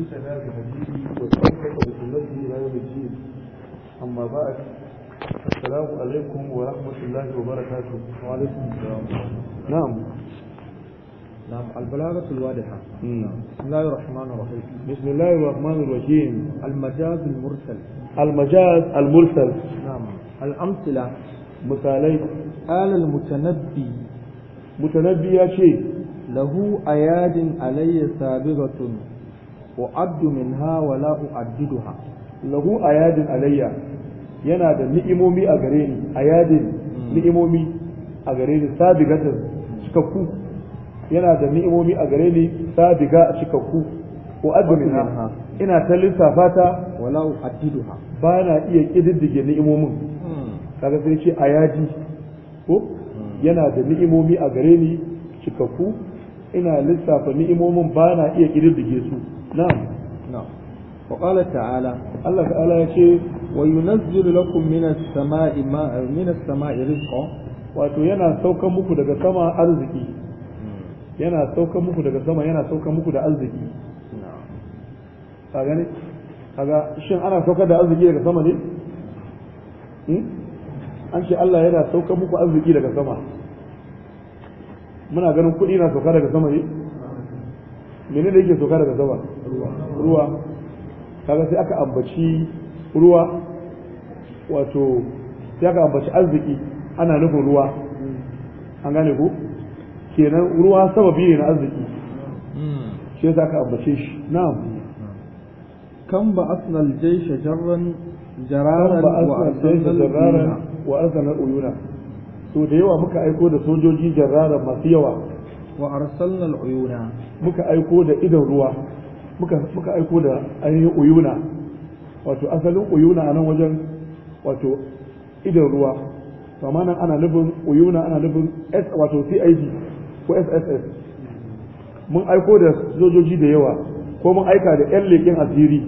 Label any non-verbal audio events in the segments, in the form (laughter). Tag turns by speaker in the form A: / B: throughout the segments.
A: ويثبتنا بهديه وتوقف بسنته الى يوم الدين اما بعد السلام عليكم ورحمه الله وبركاته وعليكم السلام نعم نعم البلاغة الواضحة نعم. بسم الله الرحمن الرحيم بسم الله الرحمن الرحيم المجاز المرسل المجاز المرسل نعم الأمثلة مثالي قال المتنبي متنبي يا شيخ له أياد علي سابغة وأبد منها ولا أعددها له أياد علي yana da ni'imomi a gare ni ayadin hmm. ni'imomi a gare ni sabigatin cikakku yana da ni'imomi a gare ni sabiga cikakku ko adminha ina ta lissafa ta wala uhaddiduha ba na iya kididdige ni'imomin hmm. kaga sai ce ayadi ko hmm. yana da ni'imomi a gare ni cikakku ina lissafa ni'imomin ba na iya kididdige su نعم نعم وقال تعالى ta'ala Allah ta'ala وينزل لكم من السماء minas من السماء رزقا sama'i wato yana sauka muku daga sama arziki yana sauka muku daga sama yana sauka muku da arziki ka gani kaga shin ana sauka da arziki daga sama ne an ce Allah yana sauka muku arziki daga sama muna ganin kuɗi na sauka daga sama ne menene yake sauka daga sama ruwa kaga sai aka ambaci ruwa wato sai aka ambaci arziki ana nufin ruwa an gane ku kenan ruwa sababi ne na arziki hmm. shi yasa aka ambace shi na'am kan ba asnal jaysha jarran jararan wa asnal arsalna uyuna to da yawa muka aiko da sojoji jararan masu yawa wa arsalna uyuna muka aiko da idan ruwa muka aiko da ainihin uyuna wato asalin uyuna a nan wajen wato idan ruwa amma nan ana nufin uyuna ana nufin s wato cid ko sss mun aiko da sojoji da yawa ko mun aika da yan leƙen asiri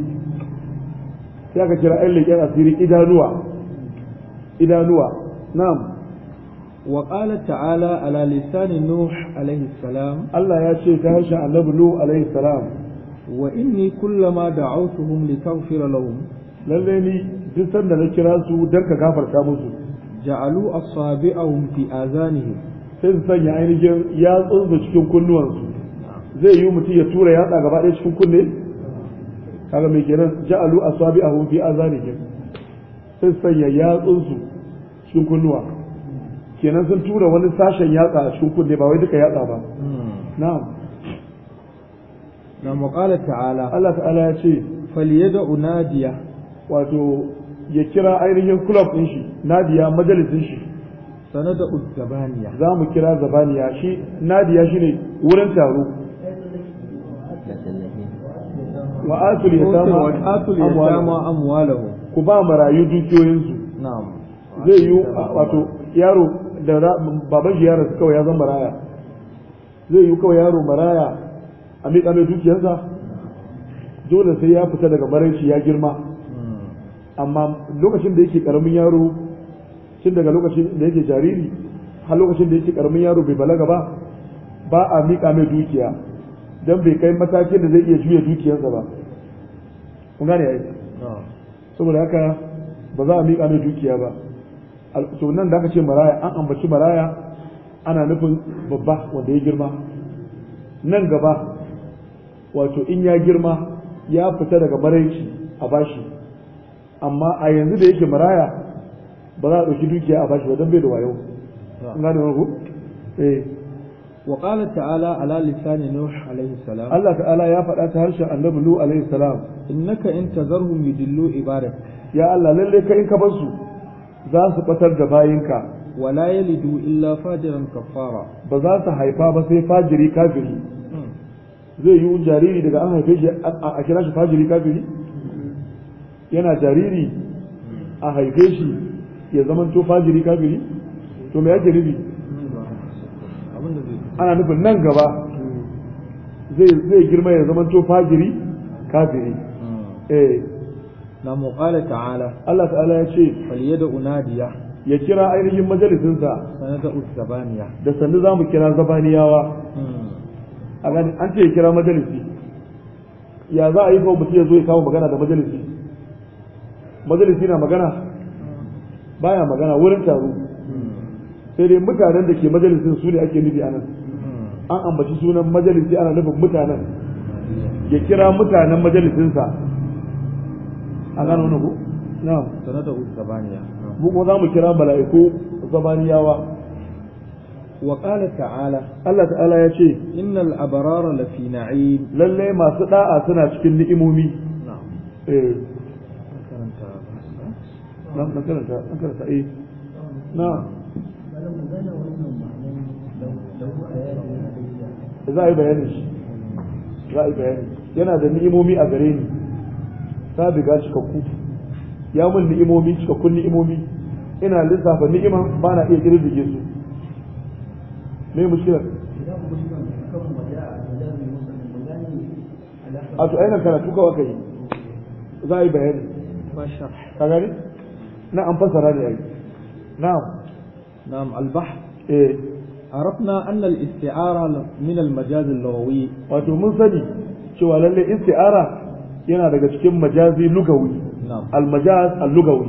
A: sai aka kira yan leƙen asiri idanuwa
B: idanuwa na'am وقال تعالى على لسان نوح عليه
A: السلام الله يا شيخ هاشم النبي نوح عليه السلام wa inni kullama da'awtuhum litaghfira lahum lalle ni duk sanda na kira su dan ka gafarta musu ja'alu asabi'ahum fi azanihim sai su sanya ainihin yatsun su cikin kunnuwansu zai yi mutum ya tura yatsa gaba ɗaya cikin kunne kaga mai kenan ja'alu asabi'ahum fi azanihim sai su sanya yatsun su cikin kunnuwa kenan sun tura wani sashen yatsa a cikin kunne ba wai duka yatsa ba hmm. na'am na muqala ta'ala Allah ta'ala ya ce falyada unadiya wato ya kira ainihin club din shi nadiya majalisin shi sanada zabaniya za mu kira zabaniya shi nadiya ne wurin taro
C: wa atul yatama wa atul yatama
A: amwalahu ku ba marayu dukiyoyinsu na'am zai yi wato yaro da baban shi yaro kawai ya zama maraya zai yi kawai yaro maraya a miƙa mai dukiyarsa dole sai ya fita daga maraici ya girma amma lokacin da yake karamin yaro tun daga lokacin da yake jariri har lokacin da yake karamin yaro bai balaga ba ba a miƙa mai dukiya don bai kai matakin da zai iya juya dukiyarsa ba kun gane yi saboda haka ba za a miƙa mai dukiya ba to nan da aka ce maraya an ambaci maraya ana nufin babba wanda ya girma nan gaba wato in ya girma ya fita daga maraici a bashi amma a yanzu da yake maraya ba za a ɗauki dukiya a bashi wajen bai da wayo in wani ku eh wa qala ta'ala ala lisani nuh
B: alayhi salam Allah
A: ta'ala ya faɗa ta harshen annabi nuh alayhi salam innaka in tazarhum yudillu ibadak ya Allah lalle ka in ka bar su za su batar da bayinka wala yalidu illa fajiran kafara ba za su haifa ba sai fajiri kafiri zai yi jariri daga an haife shi a kira shi fajiri kafiri yana jariri a haife shi ya zama to fajiri kafiri to mai yake nufi ana nufin nan gaba zai girma ya zama to fajiri kafiri eh na muqala ta'ala Allah ta'ala ya ce da unadiya ya kira ainihin majalisinsa sanata usabaniya da sannu mu kira zabaniyawa hmm. a gani an ce ya kira majalisi ya za a yi kawo mutum ya zo ya kawo magana da majalisi majalisi na magana baya magana wurin taro sai dai mutanen da ke majalisin su ne ake nufi a nan an ambaci sunan majalisi ana nufin mutanen ya kira mutanen majalisinsa a gano na ku? na sanata usabaniya mu kuma za mu kira bala'iku zabaniyawa wa qala ta'ala Allah ta'ala ya ce innal abrara lafi na'im lalle masu da'a suna cikin ni'imomi eh. a yi eh. a yi bayanin yana da ni'imomi a gare ni ta cikakku ya mun ni'imomi cikakkun ni'imomi ina lissafa ni'ima ba iya girgige su me mushkila a to ainihin karatu kawai ka yi za a yi bayani ka gani na an fasara ne ai na'am na'am albah eh عرفنا أن الاستعارة al المجاز اللغوي wato mun sani cewa lalle isti'ara yana daga cikin majazi lugawi al-majaz al-lugawi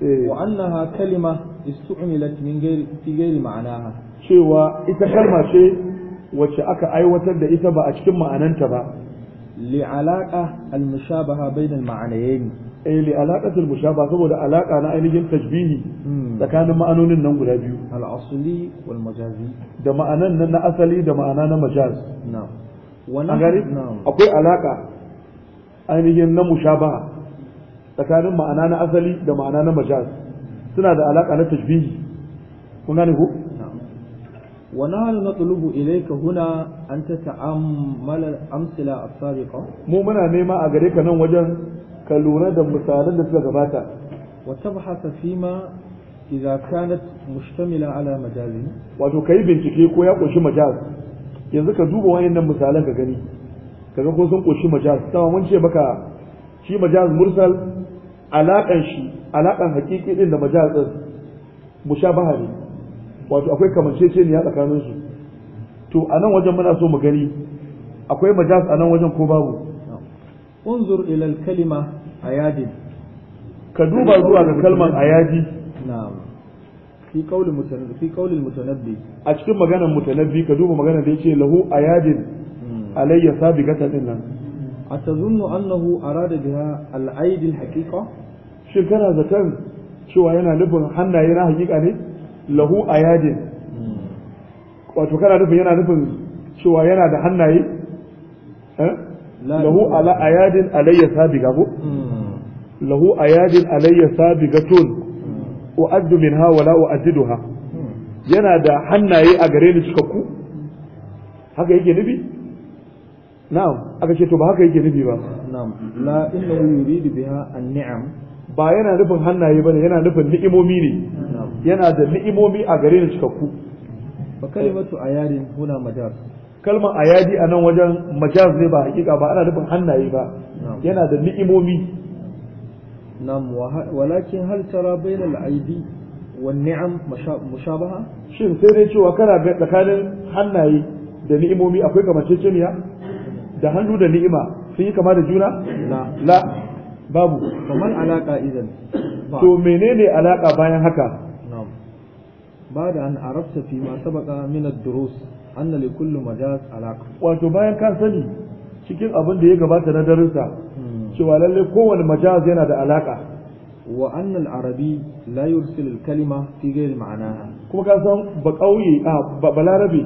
B: eh. wa annaha kalima istu'milat min ghairi fi ghairi ma'anaha
A: cewa ita kalma ce wacce aka aiwatar da ita ba a cikin ma'ananta ba li alaqa al mushabaha bainal ma'anayn eh li alaqati al mushabaha saboda alaka na ainihin tajbihi hmm. tsakanin ma'anonin nan guda biyu al asli wal majazi da ma'anan nan na asali da ma'ana na majaz na'am wannan akwai alaka ainihin na mushabaha tsakanin ma'ana na asali da ma'ana na majaz suna da alaka na tajbihi. kun gane ko
B: ونحن نطلب إليك هنا أن تتأمل الأمثلة السابقة
A: مو منا نيما أغريك نون وجن كالونا دم مثالا لسلك باتا
B: وتبحث فيما إذا كانت مشتملة على مجاز
A: wato kai bincike ko ya ƙunshi majaz yanzu ka duba wayannan misalan ka gani kaga ko sun ƙunshi majaz sama mun ce maka shi majaz mursal alaƙan hakiki ɗin da majaz din mushabaha ne wato akwai kamanceceniya tsakaninsu. to a nan wajen muna so mu gani akwai majas a nan wajen ko babu unzur ila kalima ayadi ka duba zuwa ga kalmar a yadi. fi qawli mutanabbi a cikin maganar mutanabbi ka duba maganar da yake lahu ayadin hmm. alayya sabiqatan din nan
B: atazunnu annahu arada
A: biha da aid al-haqiqa shin kana zakan cewa yana nufin hannaye na hakika ne lahu ayadin wato kana nufin yana nufin cewa yana da hannaye eh? lahu ala ayadin alayya sabiga ko hmm. lahu ayadin alayya sabigatun hmm. u'addu ha wala la ha hmm. yana da hannaye a gare ni cikakku haka yake nufi na'am aka ce to ba haka yake nufi ba na'am la innahu yuridu biha an-ni'am ba yana nufin hannaye ba ne yana nufin ni'imomi ne yana da ni'imomi a gare ni cikakku ba fa a ayadin huna majaz kalmar ayadi a nan wajen majaz ne ba hakika ba ana nufin hannaye ba yana da ni'imomi nam walakin hal tara bainal aidi wan ni'am mushabaha shin sai dai cewa kana ga tsakanin hannaye da ni'imomi akwai kamar kamanceceniya da hannu da ni'ima sun yi kama da juna la babu kamar alaka
B: idan to
A: menene alaka bayan haka ba da an arabta fi ma sabaka min durus anna li kulli majaz alaka wato bayan ka sani cikin abin da ya gabata na darussa hmm. cewa lalle kowane majaz yana da alaka wa anna al-arabi la yursil al-kalima fi ghayr ma'anaha kuma ka san ba kauye ba balarabe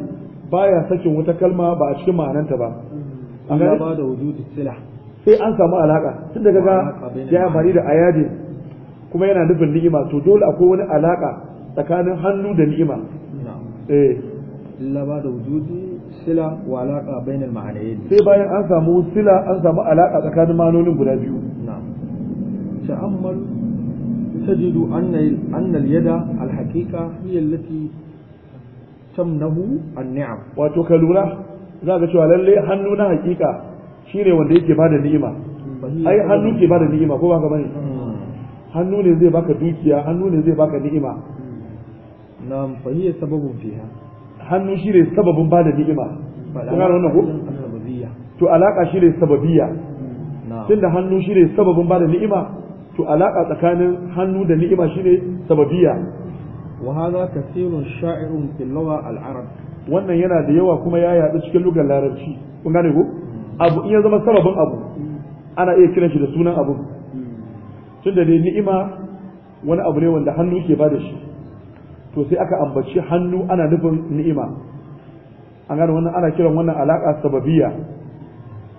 A: baya sakin wata kalma ba a cikin ma'ananta ba hmm. an ba
B: da wujudi silah
A: sai an samu alaka tun daga ga ya amfani da ayadi kuma yana nufin ni'ima to dole akwai wani alaka tsakanin hannu da ni'ima eh illa da wujudi sila wa alaka bainal ma'anayin sai bayan an samu sila an samu alaka tsakanin manonin guda biyu na'am
B: ta'ammal tajidu anna anna al-yada
A: al-haqiqa hiya allati tamnahu an-ni'am wato ka lura za ka cewa lalle hannu na hakika shine wanda yake bada ni'ima ai hannu ke bada ni'ima ko ba ka bane hmm. hannu ne zai baka dukiya hannu ne zai baka ni'ima hmm. na'am fa hiya sababun fiha hannu shine sababin bada ni'ima kun gane wannan ko to alaka shine sababiyya hmm. tunda hannu shine sababin bada ni'ima to alaka tsakanin hannu da ni'ima shine sababiyya wa hadha kaseerun sha'irun fil lugha al-arab wannan yana da yawa kuma ya yadu cikin lugar larabci kun ne ko abu in ya zama sababin abu ana iya kiran shi da sunan abu tun da ni'ima wani abu ne wanda hannu ke ba da shi to sai aka ambaci hannu ana nufin ni'ima an gane wannan ana kiran wannan alaka sababiyya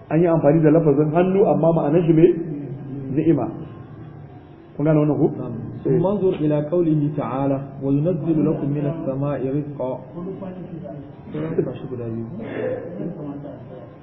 A: an yi amfani da lafazin hannu amma ma'anar shi ne ni'ima kun gane wannan ku
B: ثم انظر إلى قوله تعالى وينزل لكم من samai rizqan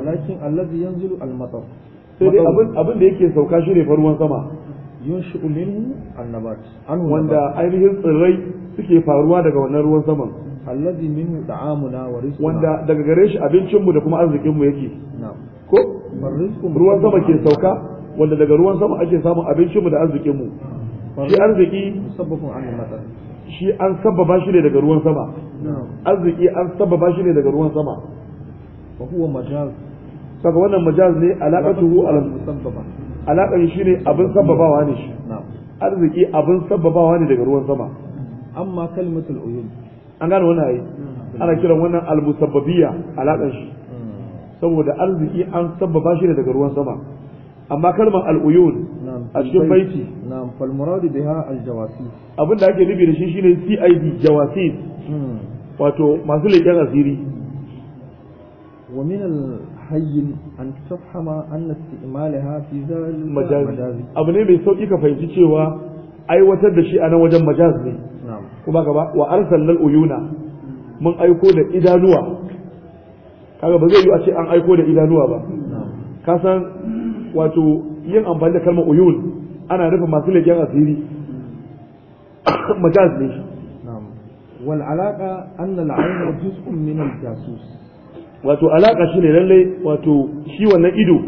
A: walakin allazi yanzilu al-matar sai dai abin abin da yake sauka shi ne ruwan sama yunshi'u minhu an-nabat wanda ainihin tsirrai suke faruwa daga wannan ruwan saman allazi minhu ta'amuna wa rizquna wanda daga gare shi abincin mu da kuma arzikin mu yake ko ruwan sama ke sauka wanda daga ruwan sama ake samun abincin mu da arzikin mu shi arziki musabbabun an matar shi an sabbaba shi ne daga ruwan sama arziki an sabbaba shi ne daga ruwan sama wa huwa majaz saka wannan majaz ne alaƙatuhu alaƙan shi ne abin sababawa ne shi arziki abin sababawa ne daga ruwan sama
B: amma kalmatul
A: uyun an gane wannan ayi hmm. ana kiran wannan almusabbabiyya alaƙan shi hmm. saboda arziki an sababa shi ne daga ruwan sama amma kalmar al'uyun a cikin baiti na'am fal muradu biha al abin da ake nufi da shi shine CID jawasi hmm. wato masu leƙen asiri wa min
B: hayyin an tafhama anna istimalaha fi zalika majazi abu
A: ne mai sauki ka fahimci cewa aiwatar da shi a nan wajen majaz ne kuma gaba wa arsalnal uyuna mun aiko da idanuwa kaga ba zai yi a ce an aiko da idanuwa ba ka san wato yin amfani da kalmar uyun ana nufin masu leƙen asiri (coughs) majaz ne
B: wal alaqa anna al-ayna juz'un min al-jasus
A: wato alaka shine lallai wato shi wannan ido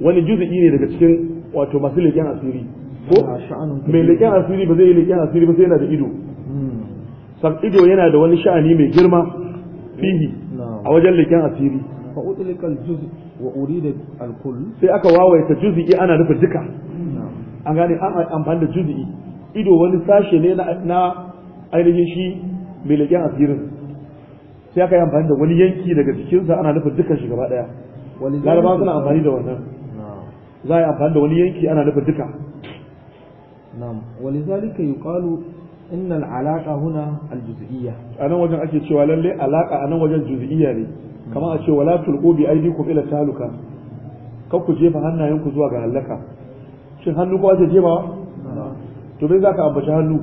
A: wani juzu'i ne daga cikin wato masu leƙen asiri ko mai leƙen asiri ba zai yi leƙen asiri ba sai yana da ido
C: hmm.
A: sam ido yana da wani sha'ani mai girma fihi a wajen leƙen asiri fa juz wa urida al-kull sai aka wawaita juz'i ana nufin duka an gane an amfani da juz'i ido wani sashe ne na ainihin shi mai leƙen asirin sai aka yi amfani da wani yanki daga jikinsa ana nufin dukkan shi gaba daya larabawa suna amfani da wannan za a yi amfani da wani yanki ana nufin duka
B: na'am walizalika yuqalu inna al'alaqa huna
A: al A nan wajen ake cewa lalle a nan wajen juz'iyya ne kamar a ce wala tulqu bi aydikum ila taluka kar ku jefa hannayenku zuwa ga halaka shin hannu ko ake jefawa to za ka ambaci hannu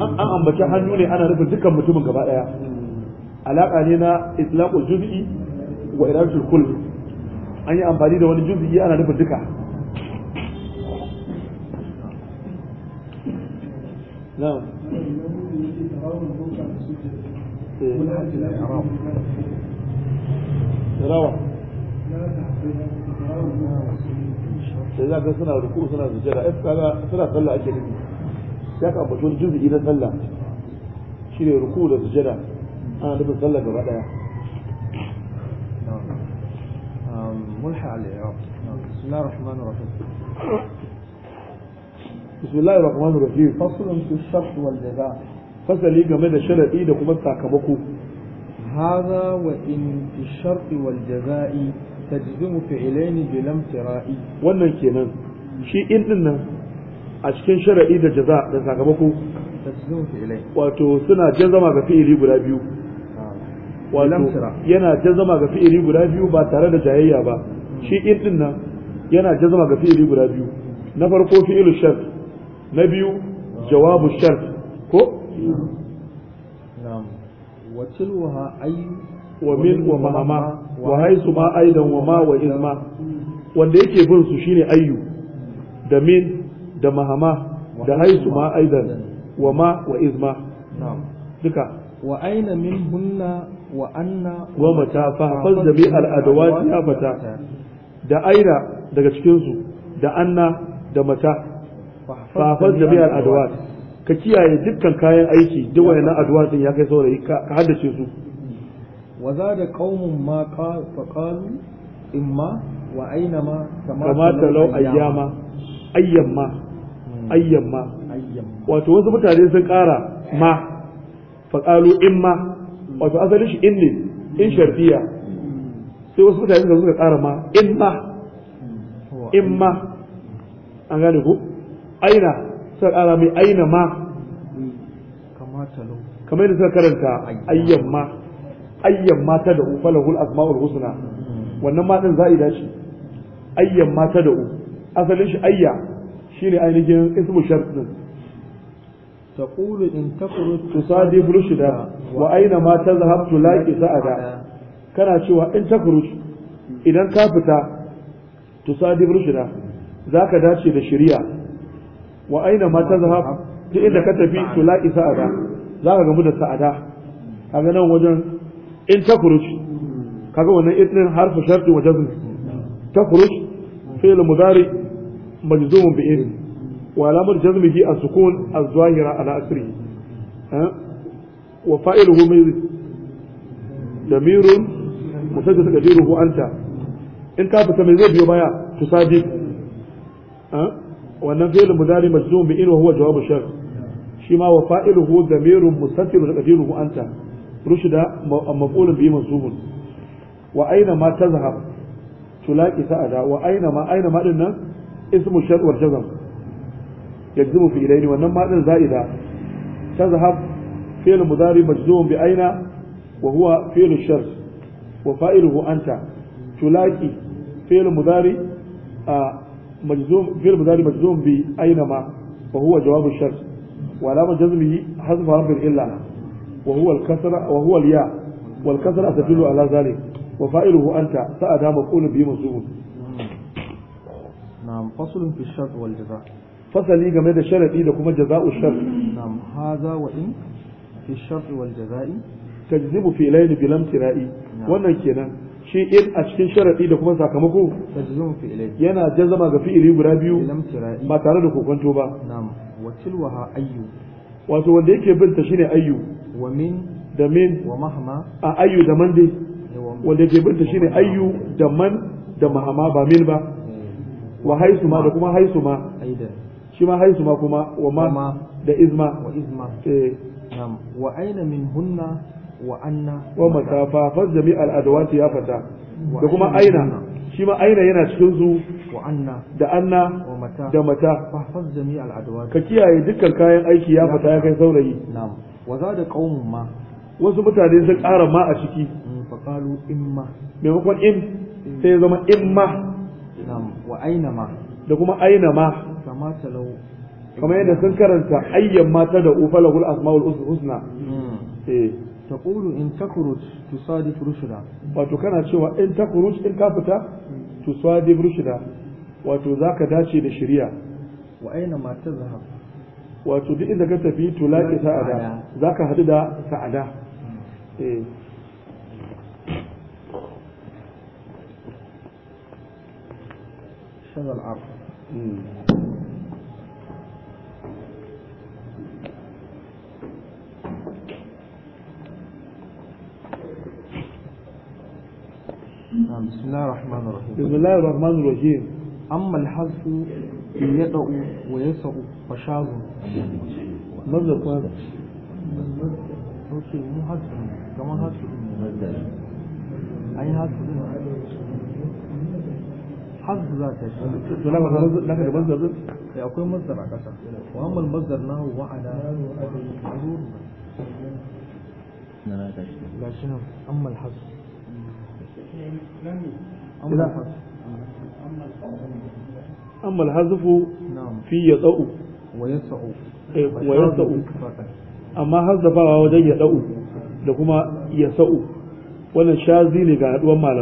A: an ambaci hannu ne ana nufin dukkan mutumin gaba daya alaka ne na islaqul juz'i wa iradatul kull an yi amfani da wani juz'i ana nufin duka na'am eh. rawa sai za ka suna ruku suna sujada ai suna sallah ake nufi ya ka ambaci wani juzu'i na sallah shi ne ruku da sujada ana nufin sallah gaba daya
B: ملحق على الإعراب بسم الله الرحمن
A: الرحيم بسم الله الرحمن الرحيم فصل في الشرط game da sharadi da kuma sakamako هذا وإن في الشرط والجزاء تجزم فعلين بلا امتراء wannan kenan shi in din nan a cikin shari'i da jaza da sakamako wato suna jazama ga fi'ili guda biyu wato yana jazama ga fi'ili guda biyu ba tare da jayayya ba shi in din nan yana jazama ga fi'ili guda biyu na farko fi'ilu shart na biyu jawabu shart ko na'am wa tilwaha ay wa min wa mahama wa haisu ma aidan wa ma wa izma wanda yake bin su shine ayyu da min da mahama da haisu ma aidan wa ma wa izma duka
B: wa aina min hunna wa anna wa mata fa faz da bi al adawat
A: ya fata da aina daga cikin su da anna da mata fa faz da bi al adawat ka kiyaye dukkan kayan aiki duk wayannan adawat ya kai saurayi ka haddace su mm.
B: wa zada qaumun ma qalu fa qalu imma wa aina ma kama talau ayyama
A: ayyama ayyan ma wato wasu mutane sun kara ma faƙalu in ma wato asalin shi in ne in sharfiya sai wasu mutane sun suka kara ma in ma in ma an gane ku aina suka kara mai aina ma kamar yadda suka karanta ayyan ma ayyan ta da'u falahul asma'ul husna mm. wannan ma din za'i dace ayyan ma ta da'u asalin shi ayya shi ne ainihin ismu shart din taqulu in takrut wa aina ma ta zahabtu sa'ada kana cewa in takrut idan ka fita tusadi bulushida zaka dace da shari'a wa aina ma ta zahab ta inda ka tafi to Za sa'ada zaka gamu da sa'ada kaga nan wajen in takrut kaga wannan idan harfu sharti wa jazm takrut fi'l mudari' مجزوم بإذن وعلامة جزمه السكون الظاهرة على أسره أه؟ وفائله من ضمير مسجد قديره أنت إن كان فتميزه بيومايا تصادق أه؟ وأن فعل مداري مجزوم بإن وهو جواب الشر شما وفائله ضمير مستتر قديره أنت رشد مفعول به منصوب وأينما تذهب تلاقي سعدا وأينما أينما إنه ismu shar wa shazam yajzimu fi ilayni wannan ma din za'ida shazhab fi'l mudari majzum bi ayna wa huwa fi'l shar wa fa'iluhu anta tulaki fi'l mudari majzum fi'l mudari majzum bi ma wa huwa jawabu shar wa lam jazmi hazfa rabb illa wa huwa al kasra wa huwa al ya wal kasra tadullu ala dhalik wa fa'iluhu anta fasali game da sharadi da kuma jaza'u shart na'am wannan kenan shi in a cikin sharadi da kuma sakamako yana jazama ga fi'ili guda biyu ba tare da kokonto ba wato wanda yake bin ta shine ayyu wa min da min wa mahma a ayyu da man dai wanda yake bin ta shine ayyu da man da mahama ba min ba wa haisu ma da kuma haisu ma shi ma haisu ma kuma wa ma da izma wa izma eh
B: wa aina min hunna wa anna wa masafa
A: fa jami' al adawat ya fata da kuma aina shi ma aina yana cikin su wa anna da anna da mata fa
B: fa jami' al adawat ka kiyaye dukkan
A: kayan aiki ya fata ya kai saurayi na'am wa zada qaumun ma wasu mutane sun ƙara ma a ciki mm, faqalu imma maimakon in sai ya zama imma wa ainama da kuma ainama kama talau kamar yadda sun karanta ayyan mata da ufalahul asmaul husna hmm. eh. taqulu in tusadif rushda wato kana cewa in takhruj in ka fita tusadif rushda wato zaka dace da shari'a wa aina ma tazhab wato duk inda ka tafi to laqi sa'ada zaka hadu da sa'ada hmm. eh
B: هذا العرض نعم، بسم الله الرحمن الرحيم بسم الله الرحمن الرحيم أما الحذف يدعو ويسع فشاذ ماذا قال؟ أوكي مو حذف كمان حذف أي حذف hafifu za ta shi naka da mazdar din sai eh, akwai mazdar a kasa wa amal mazdar na wa ada azur na ta shi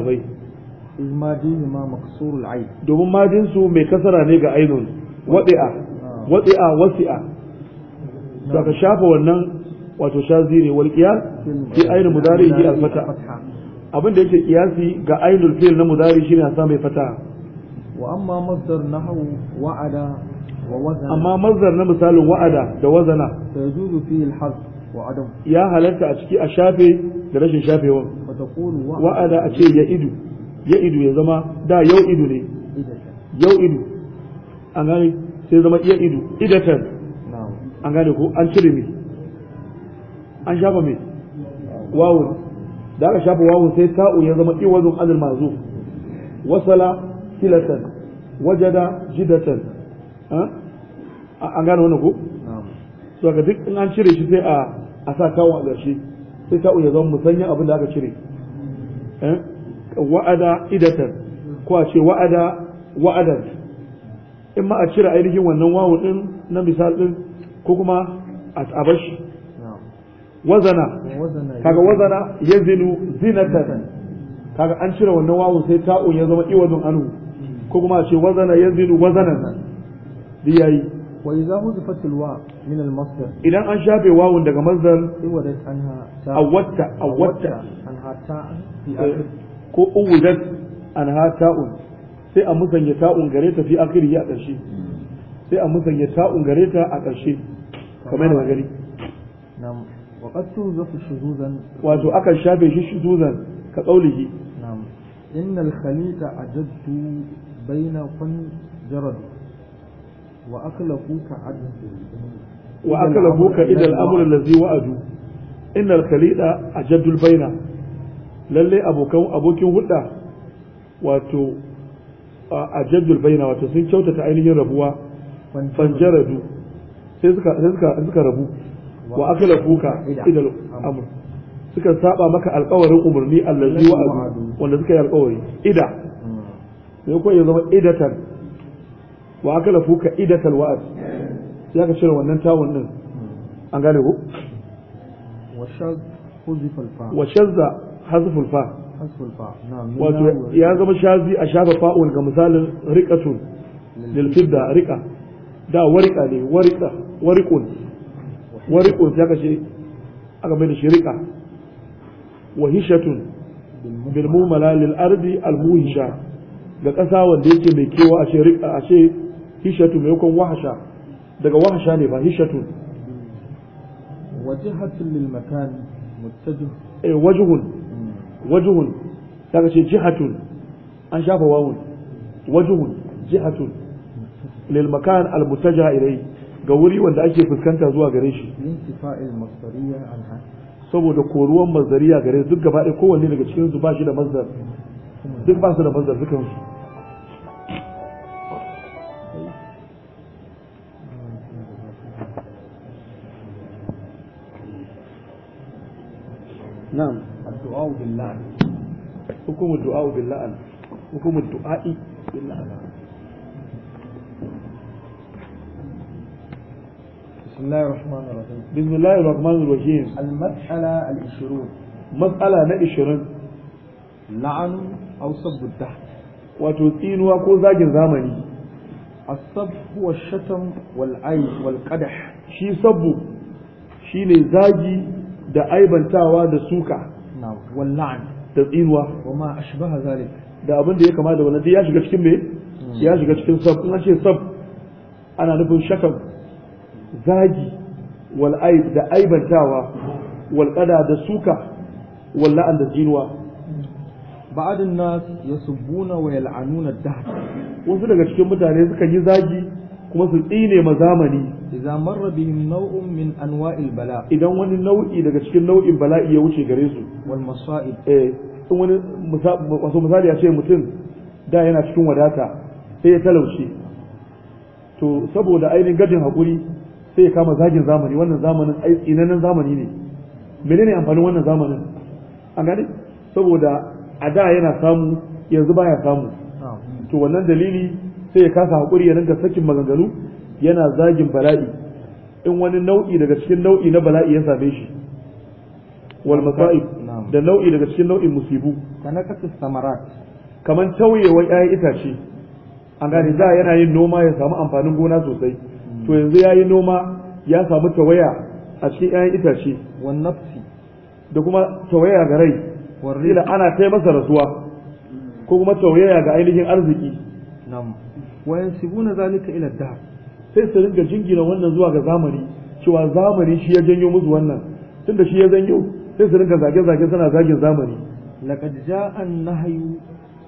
A: nan domin madin su mai kasara ne ga ainun wadi'a ah. wadi'a wasi'a daga shafa wannan wato shazi ne wal qiyas fi ainul mudari hi al fata abin da yake qiyasi ga ainul fi'l na mudari shine a sa mai fata
B: wa amma masdar nahwu wa'ada wa wazana amma
A: masdar na misalin wa'ada da wazana yajuzu fi al hasb wa adam ya halatta a ciki a shafe da rashin shafewa wa'ada a ce ya idu ya idu ya zama da yau idu ne yau idu an gane sai zama iya idu idatan an gane ko an cire mai an shafa mai wawun da aka shafa wawun sai ta'u ya zama iwazun azul mazu wasala silatan wajada jidatan an gane wannan ko so ga duk in an cire shi sai a sa kawo a ƙarshe sai ta'u ya zama musanya abin da aka cire eh? wa'ada idatar ko a ce wa'ada wa'adan in ma a cire ainihin wannan wawu din na misal din ko kuma a tsabar shi wazana kaga wazana ya zinu zinatar kaga an cire wannan wawu sai ta'un ya zama iwazun anu hmm. ko kuma a ce wazana ya zinu wazanan duk yayi وإذا حذفت الواو من المصدر إذا أن شابه واو عندك مصدر عودت عنها أودت أودت
B: عنها تاء في آخر
A: ko uwudat an ha ta'un sai a musanya ta'un gare ta fi akhiri a ƙarshe sai a musanya ta'un gare ta a ƙarshe kamar da gari
B: na'am wa qad tuzafu shuzuzan
A: wato akan shafe shi shuzuzan ka qaulihi na'am innal khalita ajaddu baina kun jarad
B: wa aklafu ka ajaddu
A: wa aklafu ka idal amr allazi wa'adu innal khalita ajaddu baina Lallai abokan abokin hudda wato a jajjul baina wato sun kyautata ainihin rabuwa ban fanjaradu sai suka suka rabu wa akala kuka idal amr suka saba maka alƙawarin umarni allazi wa wanda suka yi alƙawari ida mm. sai ko ya zama idatan wa akala kuka idatal wa'd sai aka cire wannan tawun din mm. an gane ko wa shazza حذف الفاء
B: حذف الفاء نعم يا
A: غما شاذي اشاف فاء كمثال رقه للفدا رقه دا ورقه لي ورقه ورقون ورقون يا كشي اغا مين شي رقه وهشه بالمملى للارض الموهشه ga kasa wanda yake mai kewa ashe rika ashe hishatu mai kon wahasha daga wahasha ne ba hishatu wajhatun lil makan muttajih eh wajhun wajuhun daga ce jihatun an shafa wawun wajuhun jihatun lil makan al mutaja ga wuri wanda ake fuskanta zuwa gare shi saboda koruwan mazdariya gare duk gaba ɗaya kowanne daga cikin su ba shi da mazdar duk ba su da mazdar dukan su na'am du'a billah hukumu du'a billah hukumu du'a'i billah بسم الله الرحمن الرحيم بسم الله الرحمن الرحيم المسألة العشرون مسألة نا عشرين لعن أو سب الدهر وتوتين وكو زاج زمني السب هو الشتم والعيب والقدح شي سب شي ne zagi da aibantawa da suka na'am wal la'n da tsinuwa wa da abin da ya kama da wannan ya shiga cikin me ya shiga cikin sab in ce sab ana nufin shakam zagi wal aib da aibantawa wal qada da suka wal la'an da tsinuwa ba'adin nas yasubbuna wa yal'anuna da. wasu daga cikin mutane suka yi zagi kuma su tsine ma zamani idza marra bihim naw'un min anwa'il bala idan wani nau'i daga cikin nau'in bala'i ya wuce gare su wal masa'ib eh in wani wato misali ya ce mutum da yana cikin wadata sai ya talauce to saboda ainihin gajin hakuri sai ya kama zagin zamani wannan zamanin ai tsinanan zamani ne menene amfanin wannan zamanin an gane saboda a da yana samu yanzu baya samu to wannan dalili sai ya kasa hakuri ya dinga sakin maganganu yana zagin bala'i in wani nau'i daga cikin nau'i na bala'i ya same shi wal masa'ib da nau'i daga cikin nau'in musibu kanakatu samarat kaman tauyewar 'ya'yan itace an gane za yana yin noma ya samu amfanin gona sosai to hmm. yanzu yayi noma ya samu tawaya a cikin 'ya'yan itace wan nafsi da kuma tawaya ga rai warila ana kai masa rasuwa ko kuma tawaya ga ainihin arziki nam wayan sibuna zalika ila dahr sai su ringa jingina wannan zuwa ga zamani cewa zamani shi ya janyo musu wannan tunda shi ya janyo sai su ringa zage-zage suna zagin zamani laqad ja'an nahyu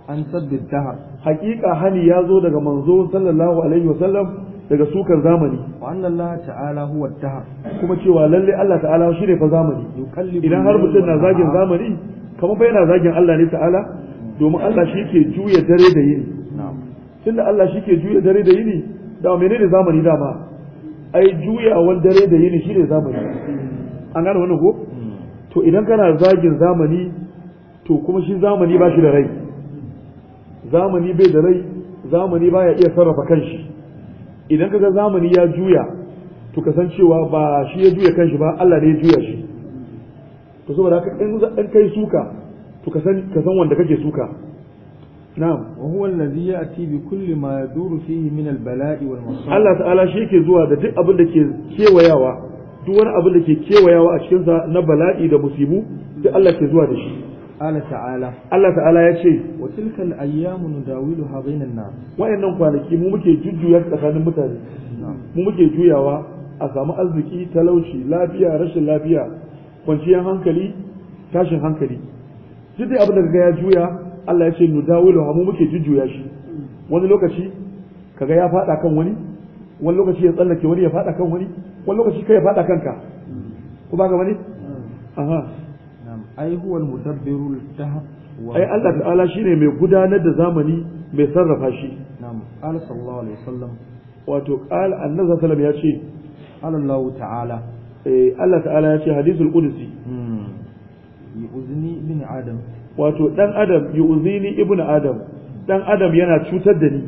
A: an sabbin dah haqiqa hani ya zo daga manzo sallallahu alaihi wasallam daga sukan zamani wa Allah ta'ala huwa dah kuma cewa lalle Allah ta'ala shi ne fa zamani idan har mutum na zagin zamani kamar bai na zagin Allah ne ta'ala domin Allah shi ke juya dare da yini tunda Allah shi ke juya dare da yini da menene zamani dama ai juyawan dare da yini shine zamani an gane wannan ko to idan kana zagin zamani to kuma shi zamani ba shi da rai zamani bai da rai zamani baya iya sarrafa kanshi idan kaga zamani ya juya to kasancewa ba shi ya juya kanshi ba Allah ne ya juya shi to saboda haka in kai suka to ka san wanda kake suka na'am wa huwa a ya'ti bi kulli ma yaduru fihi min balai wal masa'ib Allah ta'ala shi ke zuwa da duk abin da ke kewayawa duk wani abin da ke kewayawa a cikin sa na bala'i da musibu duk Allah ke zuwa da shi Allah ta'ala Allah ta'ala ya ce wa tilka al-ayyamu nudawiluha bainan nas kwanaki mu muke jujjuya tsakanin mutane mu muke juyawa a samu arziki talauci lafiya rashin lafiya kwanciyar hankali tashin hankali duk dai abin da ya juya Allah ya ce nu dawilu mu muke jujjuya shi wani lokaci kaga ya fada kan wani wani lokaci ya tsallake wani ya fada kan wani wani lokaci kai ya fada kanka ko ba ga wani aha na'am ai huwal mudabbirul ai Allah ta'ala shine mai gudanar da zamani mai sarrafa shi na'am qala sallallahu alaihi wasallam wato qala annabi sallallahu ya ce Allah ta'ala eh Allah ta'ala ya ce hadisul qudsi yuzni hmm. bin adam wato ɗan adam yu'zini Ibn adam Ɗan adam yana cutar da ni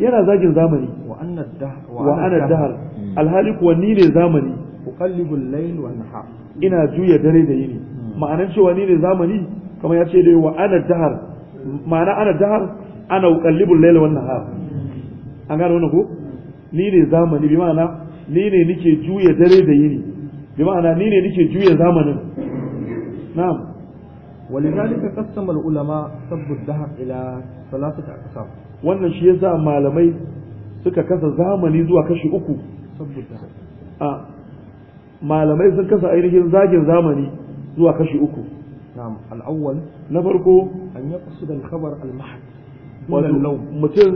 A: yana zagin zamani wa ana dahar hmm. alhali kuwa ni ne zamani uqallibul layl wan nahar ina juya dare da yini hmm. ma'anar cewa ni ne zamani kamar ya ce dai wa ana dahar ma'ana ana dahar ana uqallibul layl wan nahar an gano wannan ko hmm. ni ne zamani bi ma'ana ni ne nike juya dare da yini bi ma'ana ni ne nike juya zamanin na'am
B: ولذلك قسم العلماء سب الدهر الى ثلاثه اقسام
A: wannan shi yasa malamai suka kasa zamani zuwa kashi uku a malamai sun kasa ainihin zagin zamani zuwa kashi uku na'am al-awwal na farko an yaqsid al-khabar al-mahd wato mutum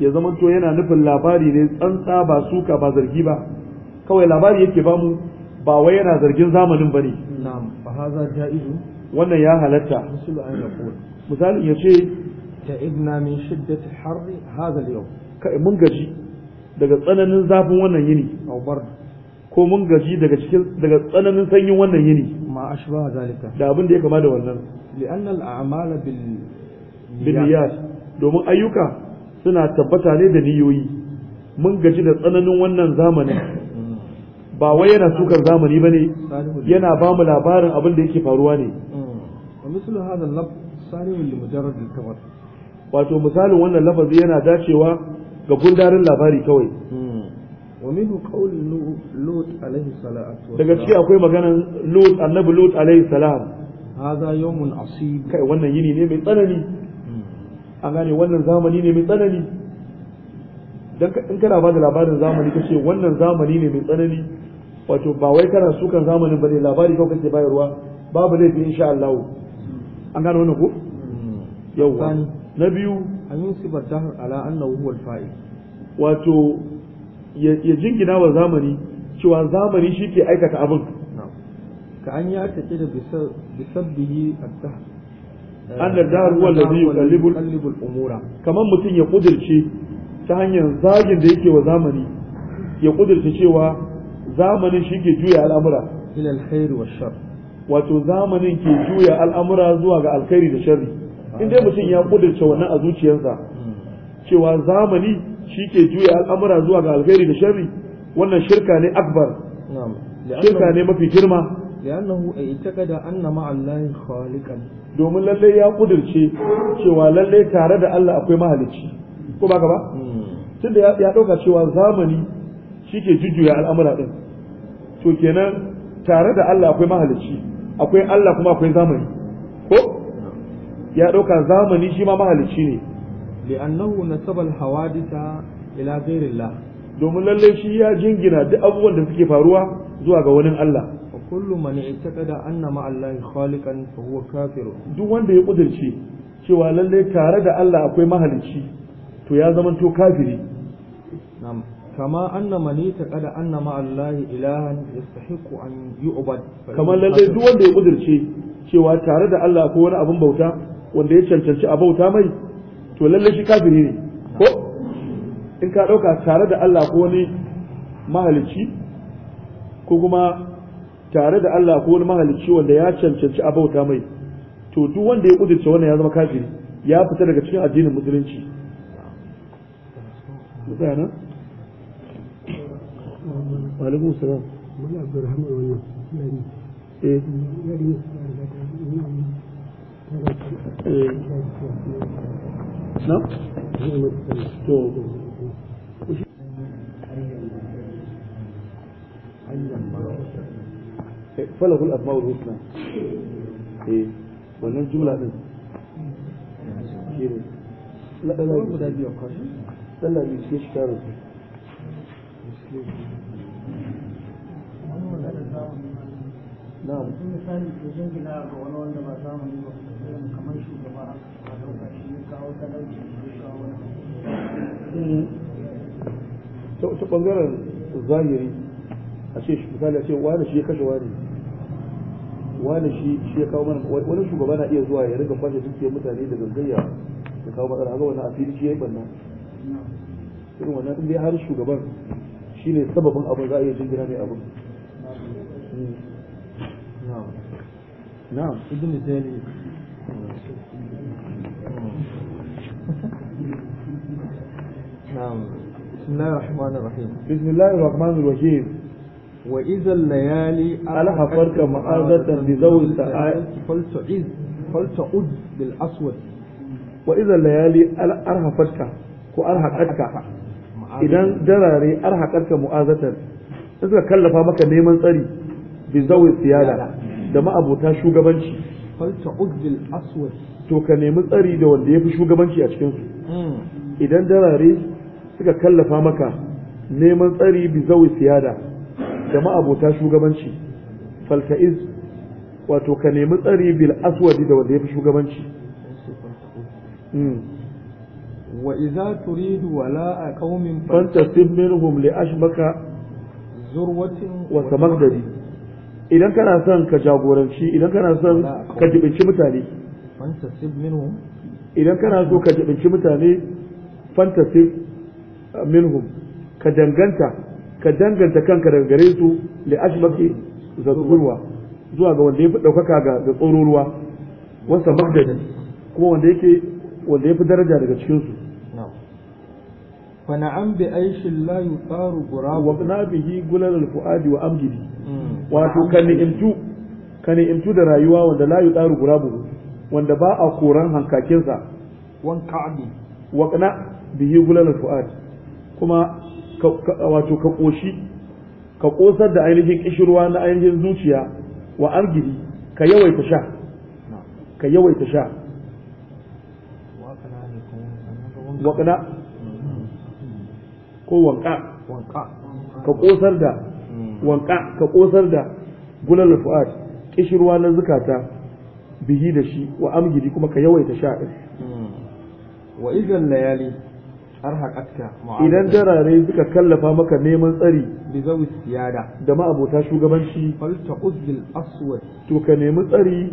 A: ya zama zamanto yana nufin labari ne tsantsa ba suka ba zargi ba kawai labari yake bamu ba wai yana zargin zamanin bane na'am fa hadha ja'izu wannan ya halatta misali ya ce ta'ibna min shiddati harri hadha al-yawm kai mun gaji daga tsananin zafin wannan yini ko mun gaji daga cikin daga tsananin sanyin wannan yini ma ashba zalika da abin da ya kama da wannan li'anna al-a'mal bil niyyat domin ayyuka suna tabbata ne da niyoyi mun gaji da tsananin wannan zamanin ba wai yana sukar zamani bane yana ba mu labarin abin da yake faruwa ne
B: mm.
A: wato misalin wannan lafazi yana dacewa ga gundarin labari kawai
B: mm. daga ciki akwai
A: maganan Lut annabi lot alaihi salam hada yawmun asib kai wannan yini ne mai tsanani
C: mm.
A: an gane wannan zamani ne mai tsanani dan in kana ba da labarin zamani kace wannan zamani ne mai tsanani wato ba wai kana sukan zamanin bane labari kawai kake bayarwa babu laifi insha Allah an gano wannan ko yauwa na biyu an yi sifar dahr ala annahu huwa al wato ya jingina wa zamani cewa zamani shi ke aikata abin ka an ya take da bisabbihi ad-dahr
B: an ad-dahr huwa alladhi yuqallibu
A: al-umura kaman mutum ya kudirce ta hanyar zagin da yake wa zamani ya kudirce cewa zamanin shi ke juya al'amura ila alkhair wa shar wato zamanin ke juya al'amura zuwa ga alkhairi da sharri in dai mutum ya kudurce wannan a zuciyarsa cewa zamani shi ke juya al'amura zuwa ga alkhairi da sharri wannan shirka ne akbar shirka ne mafi girma
B: لأنه اعتقد anna مع الله khaliqan
A: domin lalle ya kudirce cewa lalle tare da Allah akwai mahalicci ko ba ka ba hmm. tunda ya dauka cewa zamani shi ke jujjuya al'amura din to kenan tare da Allah akwai mahalicci akwai Allah kuma akwai zamani ko ya dauka zamani shi ma mahalicci ne li'annahu nasaba al-hawaditha ila ghairillah domin lalle shi ya jingina duk abubuwan da suke faruwa zuwa ga wani Allah
B: wa kullu man i'taqada anna ma Allahi khaliqan fa huwa kafir
A: duk wanda ya kudirce cewa lalle tare da Allah akwai mahalicci to ya to kafiri
B: na'am kama anna manita kada anna ma Allah ilahan yastahiqu an
A: yu'bad kamar lalle duk wanda ya kudirce cewa tare da Allah ko wani abin bauta wanda ya cancanci a bauta mai to lalle shi kafiri ne ko in ka dauka tare da Allah ko wani mahalicci ko kuma tare da Allah ko wani mahalicci wanda ya cancanci a bauta mai to duk wanda ya kudirce wannan ya zama kafiri ya fita daga cikin addinin musulunci mutane وعليكم سلام مولا عبد الرحمن بن يعني إيه؟, يعني يعني
C: نعم. نعم.
A: إيه، فله الأسماء الحسنى إيه ولا الجملة دي لا لا لا لا لا لا لا
B: na'am misali ke jingina ga wani wanda ba samu yi ba irin kamar shugaba a dauka shi ya kawo talauci ya kawo wani
C: mm.
A: ta bangaren zahiri a ce misali a ce wani shi ya kashe wani wani shi shi ya kawo mana wani shugaba na iya zuwa ya riga kwashe dukiyar mutane da gangayya da kawo matsala haka wannan asiri shi ya yi banna irin wannan in dai har shugaban shi ne sababin abin za a iya jingina mai abin
C: نعم نعم ابن نعم
B: بسم الله الرحمن الرحيم بسم الله الرحمن الرحيم وإذا الليالي
A: ألحفرك مآذة لذوي السعاد فلتعز فلتعز بالأسود وإذا الليالي ألحفتك وأرهقتك إذا دراري أرهقتك مؤاذة إذا kallafa maka نيمان tsari bi zawi siyada da ma'abuta shugabanci to ka nemi tsari da wanda ya fi shugabanci a cikinsu hmm. idan darare suka kallafa maka neman tsari bi zawi siyada da ma'abuta shugabanci falta'iz wato ka nemi tsari bil aswadi da wanda ya fi shugabanci hmm. wa iza turidu wala a qaumin fantasib minhum li ashbaka zurwatin wa samakdadi idan kana son ka jagoranci idan kana son ka jibinci mutane idan kana so ka jibinci mutane fantasib ah, minhum ka danganta ka danganta kanka daga gare su da ashbaki zakurwa zuwa ga wanda ya fi ɗaukaka ga tsororuwa wasa magdadi kuma wanda yake wanda ya fi daraja daga cikin su fa na'am bi aishin la yuqaru gurab wa bihi gulal fuadi wa amjidi hmm. wato ka ni'imtu ka ni'imtu da rayuwa wanda la yudaru gurabu wanda ba a koran hankakinsa wan ka'bi wa qana bihi gulal fuad kuma wato ka koshi ka kosar da ainihin kishirwa na ainihin zuciya wa argihi ka ta sha ka yawaita sha wa ko wanka mm-hmm. ka kosar da wanka ka kosar da gulal fu'ad kishirwa na zukata bihi da shi wa amgidi kuma ka yawaita sha din
B: hmm. wa idan layali arhaqatka idan
A: darare suka kallafa maka neman tsari bi zawi siyada da ma abota shugabanci fal taquz bil aswad to ka nemi tsari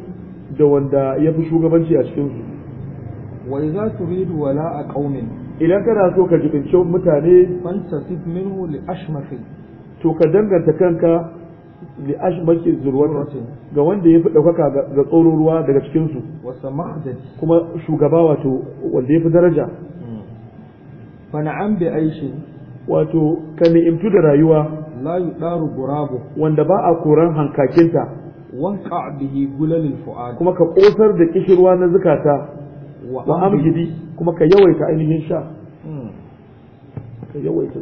A: da wanda ya fi shugabanci a cikin su wa idza turidu wala qaumin idan kana so ka jibince mutane fantasib minhu li ashmafi to ka danganta kanka li ashbaki zurwati ga wanda ya fi ɗaukaka ga tsoron ruwa daga cikinsu kuma shugaba wato wanda ya fi daraja hmm. na'am bi aishi wato ka imtu da rayuwa la yudaru burabu wanda ba a koran hankakinta wan qa'bihi gulalil fuad kuma ka kosar da kishirwa na zakata wa amjidi kuma ka yawaita ainihin sha hmm. ka yawaita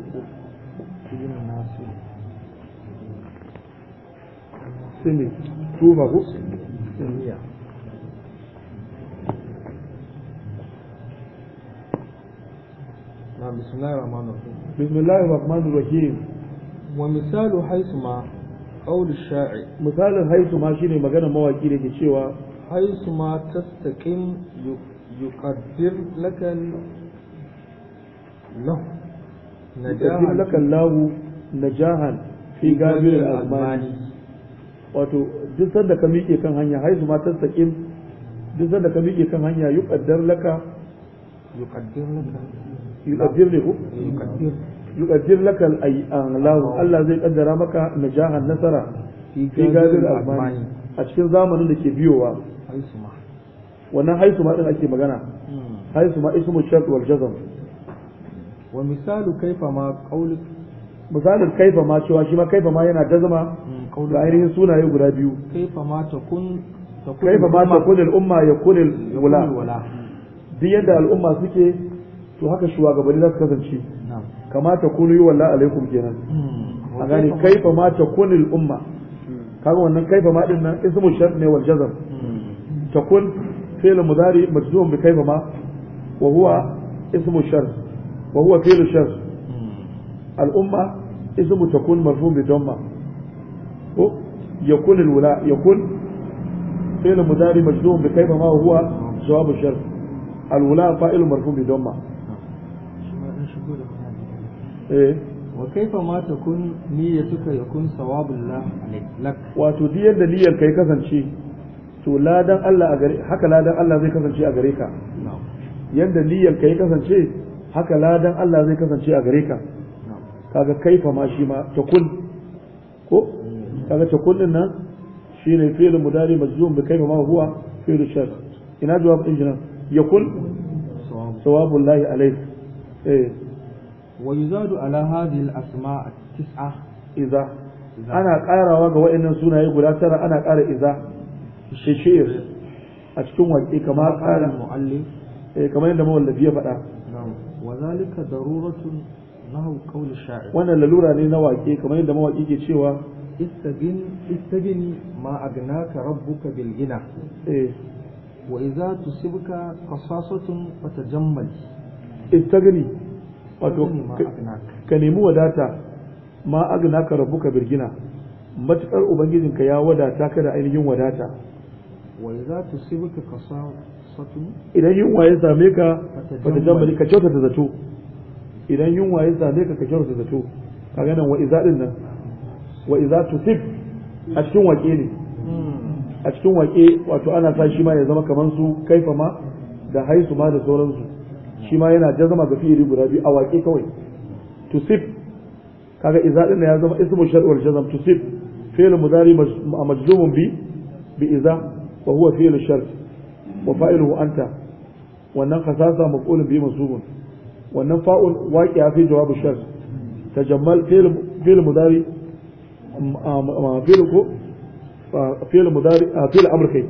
A: semi čuvao semija.
B: نعم بسم الله الرحمن
A: الرحيم بسم الله الرحمن الرحيم ومثال حيثما قول الشاعر مثال حيثما شيني مغانا مواكي لكي شوى حيثما تستقيم يقدر لك الله نجاحا لك الله نجاحا في قابل الألماني wato duk sanda ka miƙe kan hanya haizu ma duk sanda ka miƙe kan hanya laka laka eh, laka Allah zai maka nasara fi gadir a cikin zamanin da ke biyowa wannan ma ake magana hmm. ma ismu shart wal wa misalu kaifa ma qawlik misalin kaifa ma cewa shi ma kaifa ma yana jazma hmm. da ainihin sunaye guda biyu kaifa ma takun kaifa ya takun wula. yakun wala duk yadda al'umma suke to haka shugabanni za su kasance kamata kunu yi wallahi alaikum kenan hmm. a gani kaifa ma takun al'umma kaga wannan kaifa ma din nan ismu shart ne wal jazm hmm. takun fi'l mudari majzum bi kaifa ma wa huwa ismu shart wa huwa fi'l shart hmm. al'umma ismu takun marfu bi damma ko yakun alwala yakun fi'l mudari majzum bi kayfa ma huwa jawab shart alwala fa'il marfu bi damma eh wa kaifa ma takun niyyatuka yakun sawabullah lak wato duk yadda niyyar kai kasance to ladan Allah a gare haka ladan Allah zai kasance a gare ka yadda niyyar kai kasance haka ladan Allah zai kasance a gare ka kaga kaifa shi ma takun ko kaga ta kullun nan shine fi'il mudari majzum bi kaima ma huwa fi'il shar ina jawab din jinan yakun sawabul lahi alayk eh wa yuzadu ala hadhihi al asma' tis'a idza ana karawa ga wa'annan sunaye guda tara ana kara idza shishir a cikin waƙe kamar kara mu'allif eh kamar yadda mawallafi ya faɗa
B: wa zalika daruratun nahu qawli sha'ir wannan lalura ne na waƙe
A: kamar yadda mawaki ke cewa
B: استجن istagin ما agnaka ربك بالغنى gina wa
A: قصاصة فتجمل استجني ka nemi wadata ma agnaka rabbuka bil gina matukar ubangijinka ya wadata ka da ainihin wadata
B: idan yunwa ya same ka fatajammali ka
A: zato idan yunwa ya same ka ka zato kaga nan wa idza nan wa idza tusib a cikin wake ne a cikin wake wato ana sa shi ma ya zama kaman su kaifa ma da haisu ma da sauransu shi ma yana jazama ga fi'ili guda biyu a wake kawai tusib kaga idza din ya zama ismu shar'ul jazm tusib fi'l mudari majzumun bi bi idza wa huwa fi'l shart wa fa'iluhu anta wannan khasasa maf'ulun bi mansubun wannan fa'un waqi'a fi jawabu shart tajammal fi'l fi'l mudari fi'il ko fi'il mudari fi'il amr kai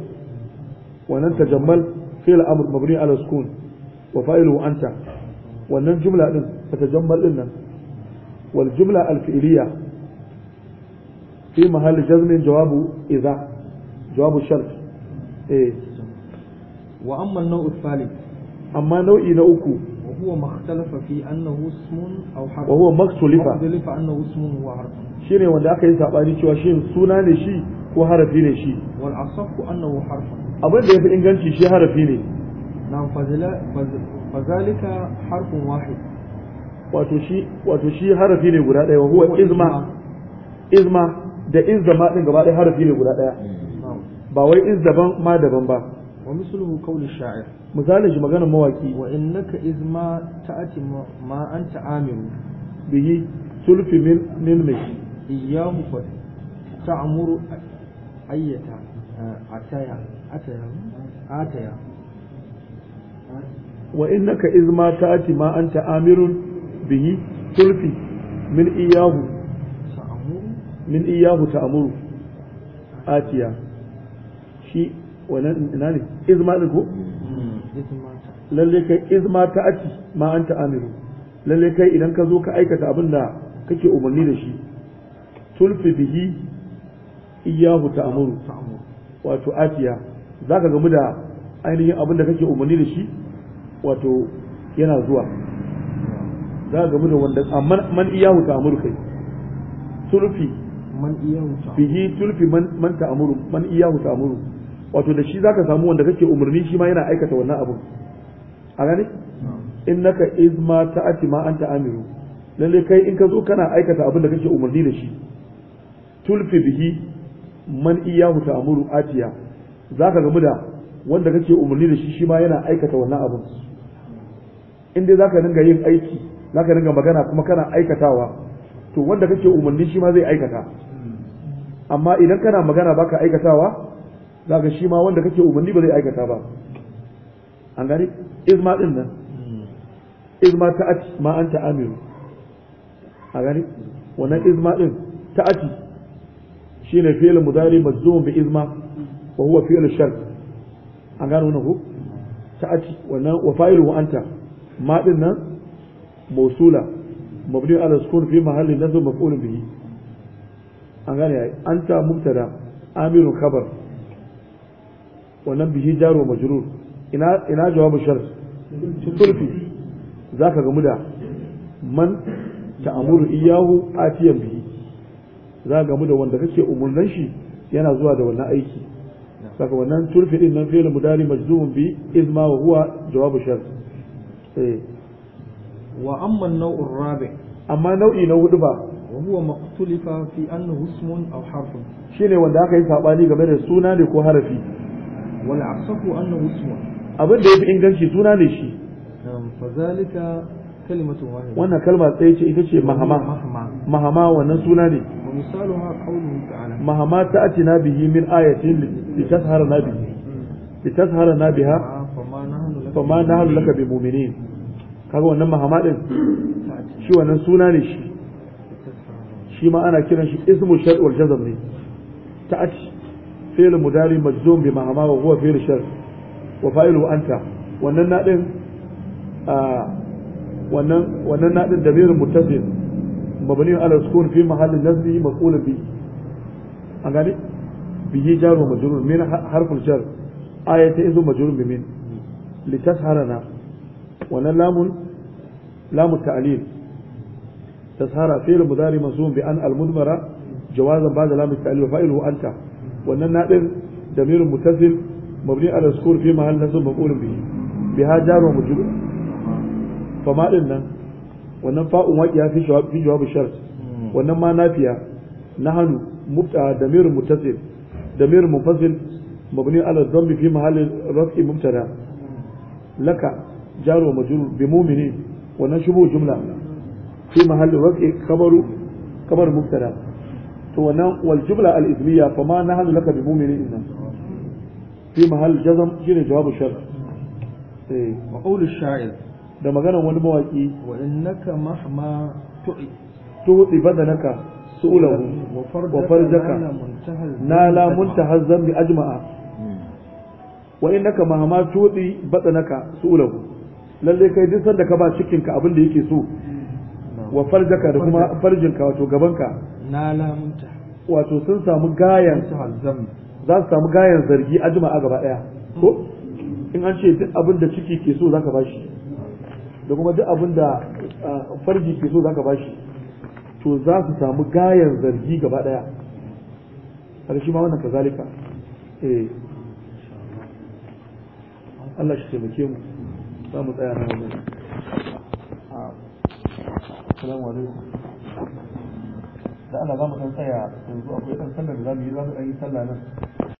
A: wannan tajammal fi'il amr mabni wa fa'iluhu anta wannan jumla din tajammal din wal jumla al fi'liya fi mahall jazmin jawabu idza jawabu shart eh wa amma amma nau'i na uku
B: وهو ما اختلف في أنه اسم أو حرف وهو ما اختلف
A: اسم shi ne wanda aka yi sabani cewa shin suna ne shi ko harafi ne shi wal asaqu annahu harfan abin da yafi inganci shi harafi ne nan fazila fazalika harfun wahid wato shi wato shi harafi ne guda daya huwa izma izma da izma din gaba daya harafi ne guda daya ba wai iz daban ma daban ba
B: wa misluhu qawli sha'ir
A: misalin shi maganar mawaki wa innaka izma ta'ati ma anta amiru bihi sulfi min min iyahu ta amuru
B: ayyata ataya ataya ataya
A: wa innaka izma ta'ati ma anta amirun bihi tulfi min iyahu min iyahu ta'muru atiya shi wannan ina ne izma din ko lalle kai izma ta ta'ati ma anta amirun lalle kai idan ka zo ka aikata abin da kake umarni da shi tulfi bihi iyahu ta'muru wato afiya zaka gamu da ainihin abin da kake umarni da shi wato yana zuwa za gamu da wanda amma man iyahu ta'muru kai tulfi man iyahu bihi tulfi man man ta'muru man iyahu ta'muru wato da shi zaka samu wanda kake umarni shi ma yana aikata wannan abin a gane innaka izma ta'ati ma anta amiru lalle kai in ka zo kana aikata abin da kake umarni da shi tulfi bihi man iyahu ta'muru atiya zaka gamu da wanda kake umarni da shi shi ma yana aikata wannan abin in dai zaka dinga yin aiki zaka dinga magana kuma kana aikatawa to wanda kake umurni shi ma zai aikata amma idan kana magana baka aikatawa zaka shi ma wanda kake umarni ba zai aikata ba an gani izma din nan izma ta'ati ma anta amiru a gani wannan izma din ta'ati shine fi'il mudari majzum bi izma wa huwa fi'il shart an gano wannan ko aci. wannan wa fa'iluhu anta ma din nan mawsula mabni ala sukun fi mahalli nasb maf'ul bihi an gane yayi anta mubtada amirun khabar wannan bihi jar wa majrur ina ina jawabu shart sulfi zaka gamu muda. man ta'amuru iyahu atiyan bihi za gamu da wanda kake umurnan shi yana zuwa da wannan aiki saka wannan turfi din nan fi'il mudari majzumun bi izma wa huwa jawabu shart eh.
B: wa amma an-naw'u rabi
A: amma nau'i na hudu ba wa huwa maqtulifa fi annahu ismun aw harfun shine wanda aka yi sabani game da suna ne ko harafi wal asafu annahu ismun abin da yafi inganci suna ne shi
B: fazalika kalimatu wahida wannan kalma tsaye ce ita ce mahama mahama wannan suna ne misaluha qawluhu ta'ala
A: mahama ta'tina bihi min ayatin litashharana bihi litashharana biha fama nahnu laka bi mu'minin kaga wannan mahama din shi wannan suna ne shi shi ma ana kiran shi ismu shar wal jazm ne ta'at fi'l mudari majzum bi mahama wa huwa fi'l shar wa fa'ilu anta wannan na din ah, wannan wannan nadin damirun muttasil mabni ala sukun fi mahallin nasbi maf'ul bi an gane bihi jaru majrur min harful jar ayata izu majrur bi min litasharana wannan lamun lamu ta'lil تسهر فعل مضارع منصوب بأن المضمرة جوازا بعد لام التعليل وفاعله أنت وأن نائب ضمير متصل مبني على السكون في محل نصب مفعول به بها جار ومجرور fama din nan wannan fa'un waqiya fi jawab fi jawab shart wannan ma nafiya nahnu mubta damir muttasil damir munfasil mabni ala dhambi fi mahalli raf'i mubtada laka jar wa majrur bi mu'minin wannan shubu jumla fi mahalli raf'i khabaru khabar mubtada to wannan wal jumla al ismiya fama nahnu laka bi mu'minin nan في محل جزم شنو جواب الشرط؟ وقول الشاعر da maganar wani mawaki wa innaka mahma tu'i tu'i badanaka su'ulahu wa farjaka lamunta har zambi ajma'a wa innaka mahma tu'i badanaka su'ulahu lalle kai duk sanda ka ba cikin ka abin da yake so wa farjaka da kuma farjinka wato gabanka nala muntaha wato sun samu gayan za su samu gayan zargi ajma'a gaba daya ko in an ce duk abin da ciki ke so zaka bashi da kuma duk abin da farji ke so za ka bashi to za su samu gayar zargi gaba daya a shi ma wannan ka zalika eh Allah shi taimake mu za mu tsaya na wajen salamu alaikum da Allah za mu san tsaya yanzu akwai ɗan sallar da za mu yi za mu
C: ɗan yi sallar nan